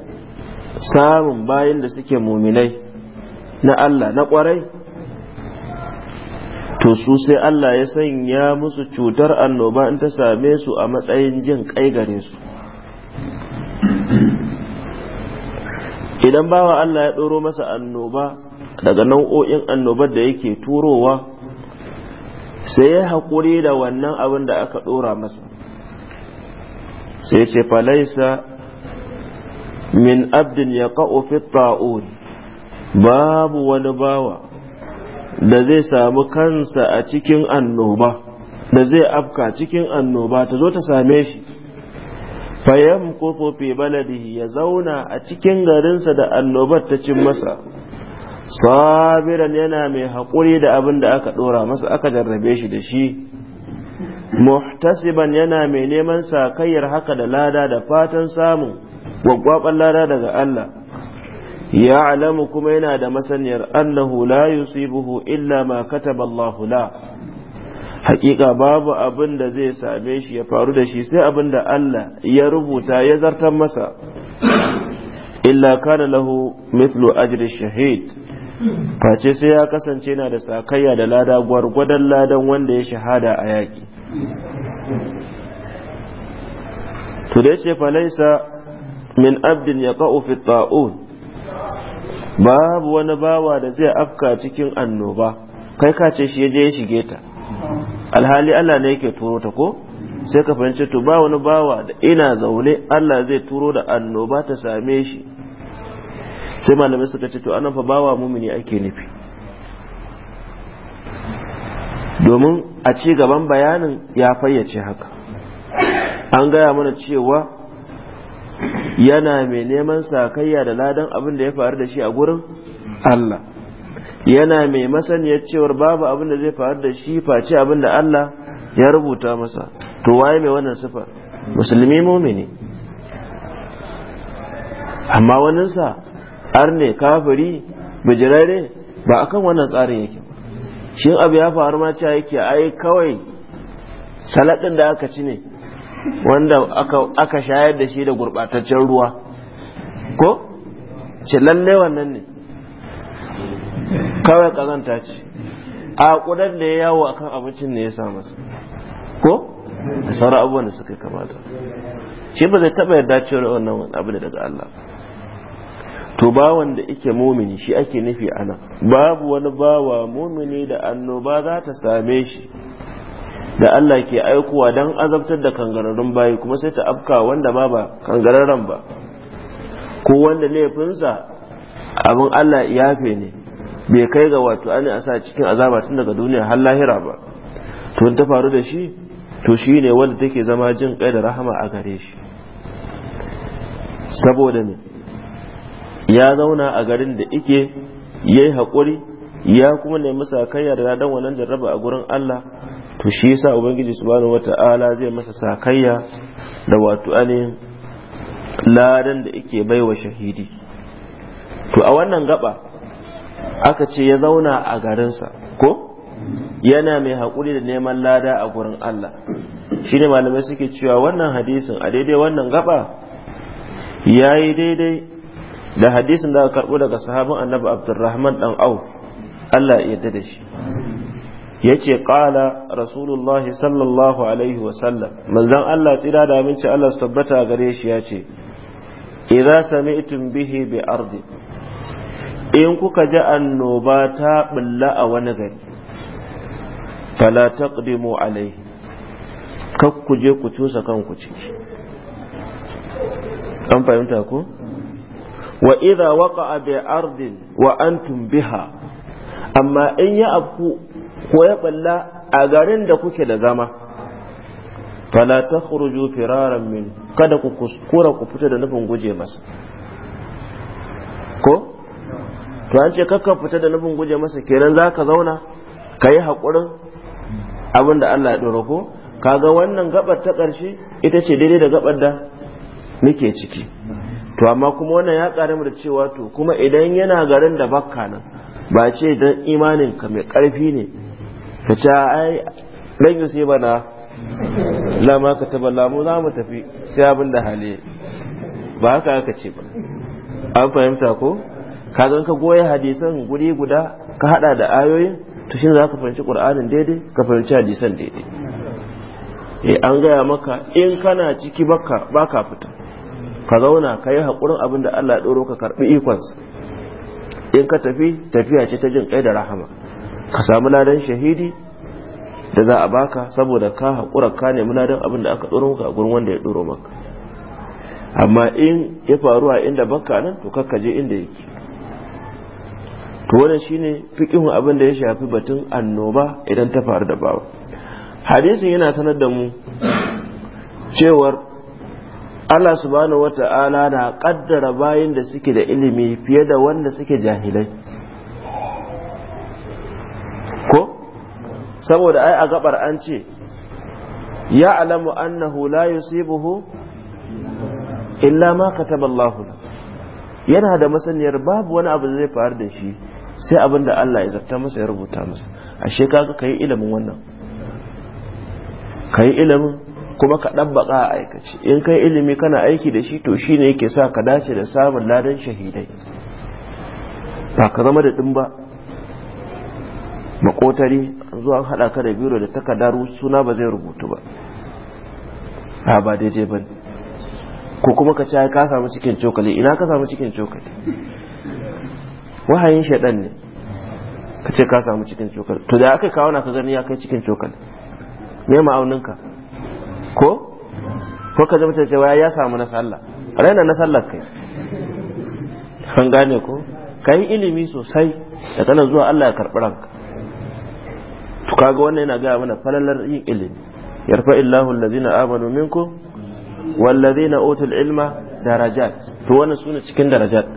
samun bayan da suke muminai na Allah na kwarai to su sai Allah ya sanya musu cutar annoba in ta same su a matsayin jin kai gare su idan bawa Allah ya ɗoro masa annoba daga nau'o'in annobar da yake turowa sai ya haƙuri da wannan abin da aka ɗora masa sai ce falaisa min abdin ya fi ta'un babu wani bawa da zai samu kansa a cikin annoba da zai afka cikin annoba ta zo ta same shi fayam kofo fi baladihi ya zauna a cikin garinsa da annobar ta cin masa sabiran yana mai haƙuri da abin da aka ɗora masa aka jarrabe shi da shi muhtasiban yana mai neman sakayyar haka da lada da fatan samun gwaggwaban lada daga Allah ya alamu kuma yana da masaniyar annahu la yusibuhu illa ma kataba Allah la hakika babu abin da zai same shi ya faru da shi sai abin da Allah ya rubuta ya zartar masa illa kana lahu mithlu ajri shahid face sai ya kasance yana da sakayya da lada gwargwadon ladan wanda ya shahada a yaki to ce fa falaisa min abdin ya fi ta'un babu wani bawa da zai afka cikin annoba kai ka ce shi je ya shige ta alhali Allah ne yake turo ta ko sai ka fahimci to ba wani bawa da ina zaune Allah zai turo da annoba ta same shi sai malamai suka ce to anan fa bawa mumini ake nufi domin a ci gaban bayanin ya fayyace haka an gaya mana cewa yana mai neman sakayya da ladan abin da ya faru da shi a gurin Allah yana mai masaniyar cewa babu abin da zai faru da shi face abin da Allah ya rubuta masa to waye mai wannan sifa musulmi mumini amma sa arne kafiri bijirare ba akan wannan tsarin yake shin abu ya faru ma cewa yake ai kawai saladin da aka ci ne wanda aka shayar da shi da gurbataccen ruwa ko ce lalle wannan ne kawai kazanta ce a kudar da ya yawo akan abincin ne ya sa su ko da sauran abubuwan da suka kamata shi ba zai taɓa yarda cewa wannan abu da daga Allah to ba wanda ike mumini shi ake nufi ana babu wani bawa mumini da annoba za ta same shi da Allah ke aikowa don azabtar da kangararrun bayi kuma sai ta afka wanda ma ba kangararren ba ko wanda laifinsa abin Allah yafe ne bai kai ga wato ana a sa cikin azaba tun daga duniya har lahira ba to ta faru da shi to shi ne wanda take zama jin kai da rahama a gare shi saboda ne ya zauna a garin da ike ya yi haƙuri ya kuma nemi da dan wannan jarraba a gurin Allah to shi yasa ubangiji subhanahu wata'ala zai masa sakayya da wato ainihin ladan da yake baiwa shahidi to a wannan gaba aka ce ya zauna a garinsa ko yana mai hakuri da neman lada a gurin Allah shi ne malamai suke cewa wannan hadisin a daidai wannan gaba ya yi daidai da hadisin da aka karɓo daga sahabin annabi abdurrahman dan au Allah ya yarda da shi yace qala rasulullahi sallallahu alaihi wasallam manzan Allah tsira da aminci Allah su tabbata gare shi yace idza sami'tum bihi bi ardi in kuka ji annoba ta bulla a wani gari fala taqdimu alaihi kak ku je ku cusa kanku ciki an fahimta ko wa idza waqa'a bi ardin wa antum biha amma in ya afku ko ya balla a garin da kuke da zama fala khuruju firaran min kada ku kuskura ku fita da nufin guje masa ko to an ce kakka fita da nufin guje masa kenan zaka zauna ka yi haƙurin abin Allah ya ɗora ko kaga wannan gabar ta ƙarshe ita ce daidai da gabar da nake ciki to amma kuma wannan ya ƙare mu da cewa to kuma idan yana garin da bakka nan ba ce dan imanin ka mai ƙarfi ne ka ce ai ɗan yi sai bana lama ka taba lamu za mu tafi sai abin da hali ba haka aka ce ba an fahimta ko ka zan ka goya hadisan guri guda ka hada da ayoyin to shi za ka fahimci qur'anin daidai ka fahimci hadisan daidai e an gaya maka in kana ciki baka ka fita ka zauna ka yi haƙurin abin da Allah ya ɗoro ka karɓi ikonsa in ka tafi tafiya ce ta jin kai da rahama ka samu ladan shahidi da za a baka saboda ka haƙura ka nemi ladan abin da aka ɗoro maka a gurin wanda ya ɗoro maka amma in ya faru a inda baka nan to kakka je inda yake to wannan shine fiqihun abin da ya shafi batun annoba idan ta faru da bawa hadisin yana sanar da mu cewar Allah subhanahu wata'ala na kaddara bayin da suke da ilimi fiye da wanda suke jahilai saboda ai a gabar an ce ya alamu annahu la yusibuhu illa ma kataba Allah yana da masaniyar babu wani abu zai faru da shi sai abin da Allah ya zarta masa ya rubuta masa ashe kaga kai ilimin wannan kai ilimin kuma ka ɗabbaƙa a aikace in kai ilimi kana aiki da shi to shine yake sa ka dace da samun ladan shahidai ba ka zama da ɗin ba makotari zuwa haɗa ka da biro da takardar suna ba zai rubutu ba a ba daidai ba ko kuma ka ce ka samu cikin cokali ina ka samu cikin cokali wahayin shaɗan ne ka ce ka samu cikin cokali to da aka kawo na ka gani ya kai cikin cokali me ka ko ko ka zama cewa ya samu na sallah raina na sallah kai an gane ko ka yi ilimi sosai da kana zuwa Allah ya karɓi ranka kaga wannan yana gaya mana falalar yin ilimi yarfa illahu allazina amanu minkum wallazina utul ilma darajat to wannan sune cikin darajat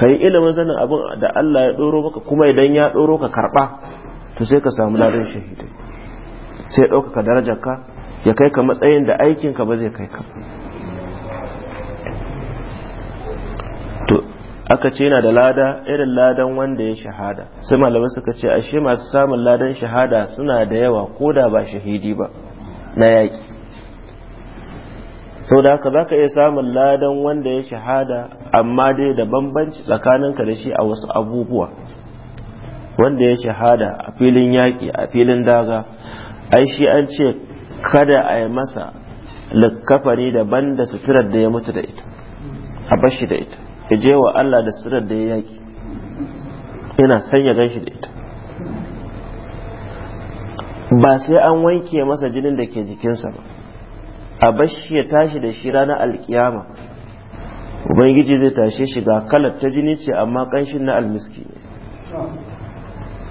kai ilimin sanin abin da Allah ya doro maka kuma idan ya doro ka karba to sai ka samu ladan shahida, sai ya dauka darajar ka ya kai ka matsayin da aikin ka ba zai kai ka aka ce yana da lada irin ladan wanda ya shahada sai malamai suka ce ashe masu samun ladan shahada suna da yawa ko da ba shahidi ba na yaƙi sau da haka za ka iya samun ladan wanda ya shahada amma dai da bambanci tsakaninka da shi a wasu abubuwa wanda ya shahada a filin yaƙi a filin daga ai shi an ce kada a yi masa likkafani daban da suturar da ya mutu da ita a bashi da ita ya je wa Allah da sirar da ya yaki yana san ya gan shi da ita ba sai an wanke masa jinin da ke jikinsa ba a bashi ya tashi da shi ranar alkiyama ubangiji zai tashe shi ga kalar ta jini ce amma kanshin na almiski ne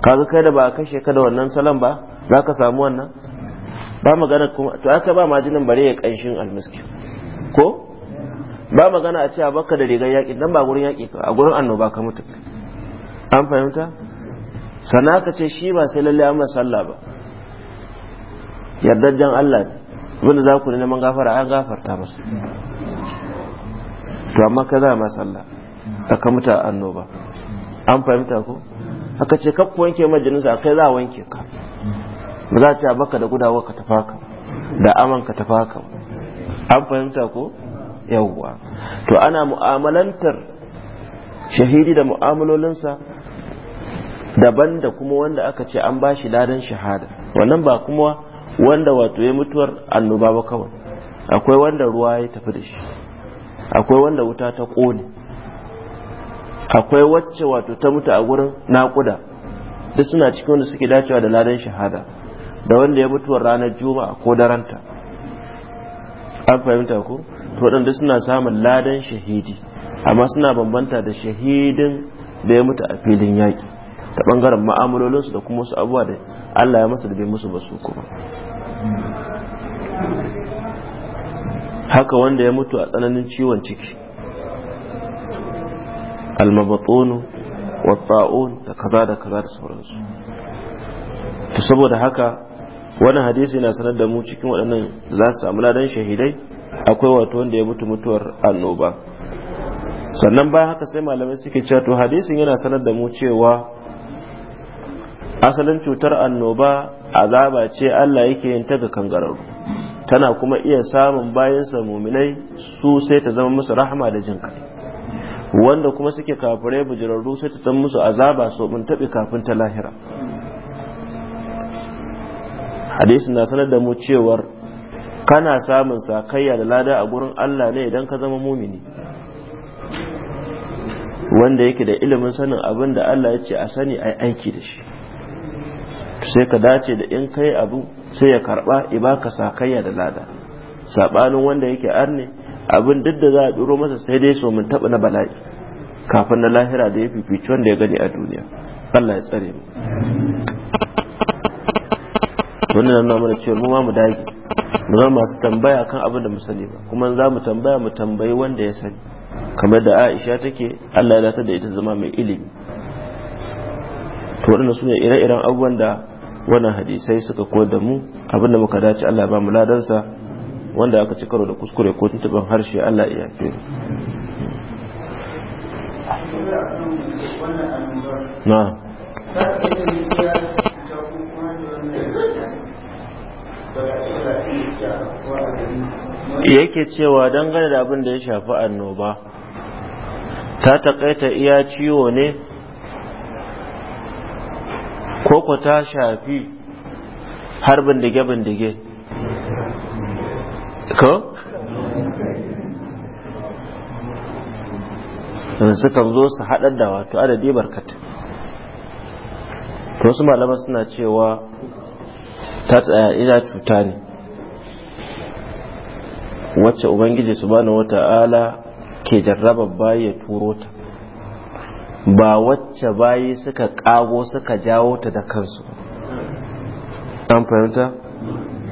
kaga kai da ba a kashe ka da wannan salon ba za ka samu wannan ba magana kuma to aka ba ma jinin bare ya kanshin almiski ko ba magana a ce a baka da rigar yaƙi dan ba gurin yaƙi ka a gurin annoba ka mutu an fahimta sana ka ce shi ba sai lalle an sallah ba yardajjen Allah wanda za ku neman gafara an gafarta masa to amma ka za ma sallah ka mutu annoba an fahimta ko aka ce kakku wanke majalisa kai za a wanke ka ba za a ce a baka da gudawa ka tafaka da aman ka tafaka an fahimta ko yawwa to ana mu'amalantar shahidi da mu'amalolinsa daban da kuma wanda aka ce an ba shi ladan shahada wannan ba kuma wanda wato ya mutuwar annoba ba kawai akwai wanda ruwa ya tafi da shi akwai wanda wuta ta ƙone akwai wacce wato ta mutu a wurin naƙuda duk suna cikin wanda suke dacewa da ladan shahada da wanda ya mutuwar ranar juma'a ko daranta an fahimta ko to waɗanda suna samun ladan shahidi amma suna bambanta da shahidin da ya mutu a filin yaƙi ta ɓangaren ma'amalolinsu da kuma wasu abuwa da Allah ya masa da bai musu ba su kuma haka wanda ya mutu a tsananin ciwon ciki almabatsonu wata'un da kaza da kaza da sauransu to saboda haka wani hadisi na sanar da mu cikin waɗannan za su samu ladan shahidai akwai wato wanda ya mutu mutuwar annoba sannan bayan haka sai malamai suke cewa to hadisin yana sanar da mu cewa asalin cutar annoba azaba ce Allah yake yin ta ga kangararru tana kuma iya samun bayansa muminai su sai ta zama musu rahama da jin wanda kuma suke kafirai bujirarru sai ta zama musu azaba so mun taɓe kafin ta lahira hadisin na sanar da mu cewar kana samun sakayya da lada a gurin Allah ne idan ka zama mumini wanda yake da ilimin sanin abin da Allah ya ce a sani a aiki da shi sai ka dace da in kai abu sai ya karba baka sakayya da lada sabanin wanda yake arne abin duk da za a duro masa sai dai so mun taba na bala'i kafin na lahira da ya fifici wanda ya gani a duniya Allah ya tsare mu nan na mana cewa mu ma mu dage mu zama masu tambaya kan abin da mu sani ba kuma za mu tambaya mu tambayi wanda ya sani kamar da Aisha take Allah ya zata da ita zama mai ilimi to waɗannan su ne ire-iren abubuwan da wannan hadisai suka koyar da mu abin da muka dace Allah ya ba mu ladansa wanda aka ci karo da kuskure ko tuntuban harshe Allah ya yafe na yake cewa dangane da abin da ya shafi annoba ta taƙaita iya ciwo ne ko ku ta shafi har bindige-bindige ko? suka zo su haɗar da wato adadi barkat to su malamar suna cewa ta tsaya ila cuta ne wacce ubangiji su wata wata'ala ke jarraba bayi ya turo ta ba wacce bayi suka kago suka jawo ta da kansu an fahimta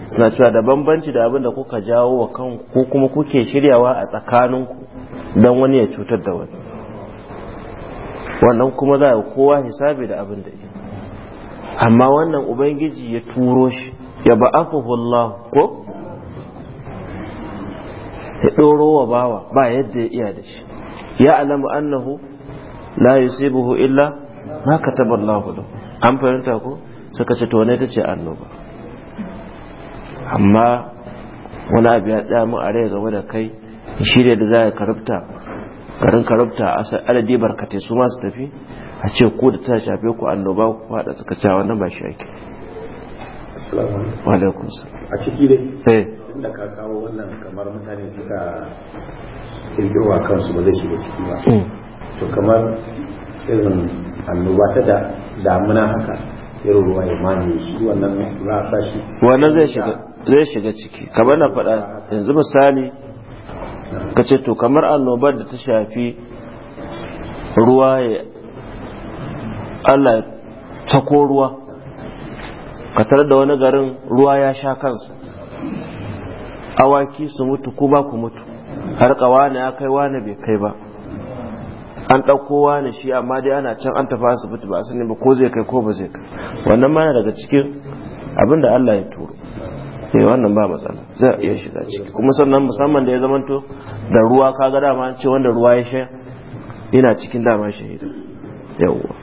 suna cewa da banbanci da abin da kuka jawo wa kanku ko kuma kuke shiryawa a tsakaninku don wani ya cutar da wani wannan kuma za a kowa hisabi da abin da amma wannan ubangiji ya turo shi ya ba'athuhu Allah ko ya ɗoro wa bawa ba yadda ya iya da shi ya alamu annahu la yusibuhu illa ma kataba Allah lahu an fahimta ko suka ce to ne tace annoba amma wani abu ya tsaya mu a rai game da kai shirya da za ka karabta garin karabta a adadi barkatai su masu tafi a ce ku da ta shafe ku annoba ku fada suka cewa wannan ba shi ake alaikum a ciki dai eh. inda ka kawo wannan kamar mutane suka kirkirwa kansu ba zai shiga ciki ba mm. to kamar irin annoba ta da damuna haka irin ruwa ya mani shi wannan za a shi wannan zai shiga ciki kamar na faɗa yanzu misali ka ce to kamar annobar da ta shafi ruwa ya Allah ya sako ruwa ka tarar da wani garin ruwa ya sha kansu awaki su mutu ko ba ku mutu har wani ya kai wani bai kai ba an ɗauko wani shi amma dai ana can an tafi asibiti ba sani ba ko zai kai ko ba zai kai wannan mana daga cikin abin da Allah ya turo sai eh, wannan ba matsala za a iya shiga ciki kuma sannan musamman da ya zamanto da ruwa kaga dama ce wanda ruwa ya sha ina cikin dama shahida yawwa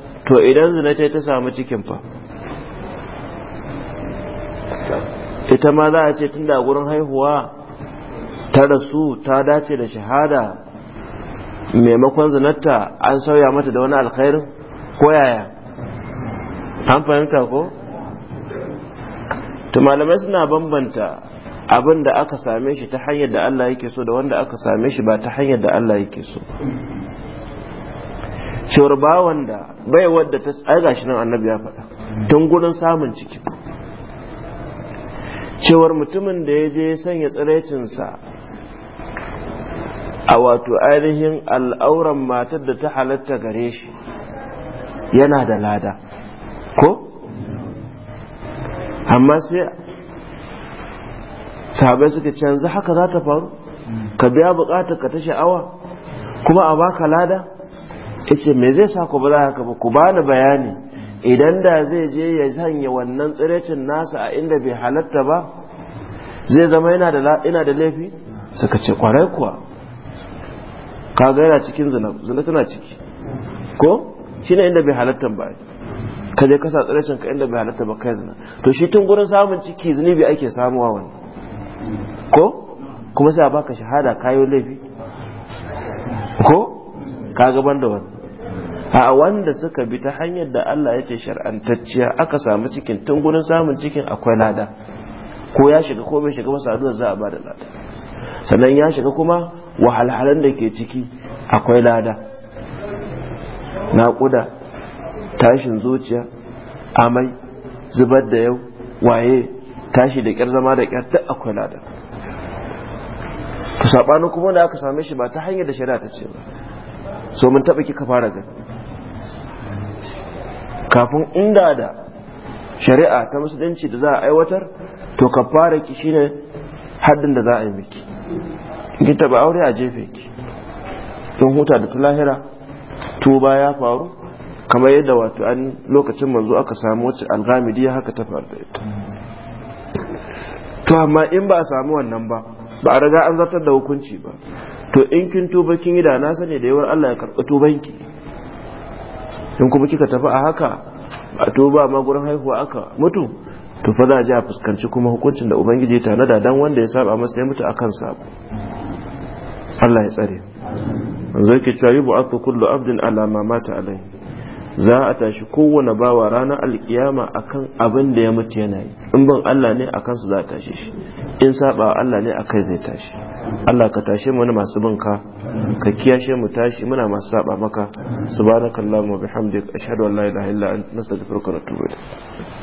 to idan zina ta samu cikin fa ita ma za a ce tun da gurin haihuwa ta rasu ta dace da shahada maimakon zinarta an sauya mata da wani alkhairin ko yaya an fahimta ko? to malamai suna bambanta abin da aka same shi ta hanyar da Allah yake so da wanda aka same shi ba ta hanyar da Allah yake so cewar bawan da bai wadda ta tsaga shi nan annabi ya faɗa tun gudun samun ciki cewar mutumin da ya je sanya tsiraicinsa a wato ainihin al'auran matar da ta halatta gare shi yana da lada ko amma sai sabai suka canza haka za ta faru ka biya bukatar ka ta sha'awa kuma a baka lada yace me zai sa ku ba haka ba ku bani bayani idan da zai je ya sanya wannan tsirecin nasa a inda bai halatta ba zai zama yana da ina da laifi suka ce kwarai kuwa ka ga yana cikin zina zina tana ciki ko shi ne inda bai halatta ba ka je kasa tsirecin ka inda bai halatta ba kai zina to shi tun gurin samun ciki zunubi ake samuwa wani ko kuma sai a baka shahada kayo laifi ko ka gaban da wani a wanda suka bi ta hanyar da Allah ya ce shar'antacciya aka samu cikin tun gurin samun cikin akwai lada ko ya shiga ko bai shiga masa addu'ar za a bada lada sannan ya shiga kuma wahalhalan da ke ciki akwai lada naƙuda tashin zuciya amai zubar da yau waye tashi da ƙyar zama da ƙyar duk akwai lada ku saɓanin kuma da aka same shi ba ta hanyar da shari'a ta ce ba so mun taɓa kika fara gani kafin inda da shari'a ta musulunci da za a aiwatar to ka fara ki shine haddin da za a yi miki ki taɓa aure a jefe ki don huta da tulahira tuba ya faru kamar yadda wato an lokacin manzo aka samu wacce algamidiya haka ta faru ita to amma in ba a samu wannan ba ba a riga an zartar da hukunci ba to in kin tuba kin yi da na sani da yawar Allah ya karɓi tubanki in kuma kika tafi a haka a tuba ma gurin haihuwa aka mutu to fa za a ji a fuskanci kuma hukuncin da ubangiji ya tanada dan wanda ya saba masa ya mutu akan sabo Allah ya tsare manzo yake cewa yubu kullu abdin ala ma mata alai za a tashi kowane bawa ranar alkiyama akan abin da ya mutu yana yi in ban Allah ne akan su za a tashi shi in saba Allah ne a kai zai tashi Allah ka tashe mu masu bin ka ka kiyashe mu tashi muna masu saba maka subhanakallahumma bihamdik ashhadu an la ilaha illa anta nastaghfiruka wa natubu ilayk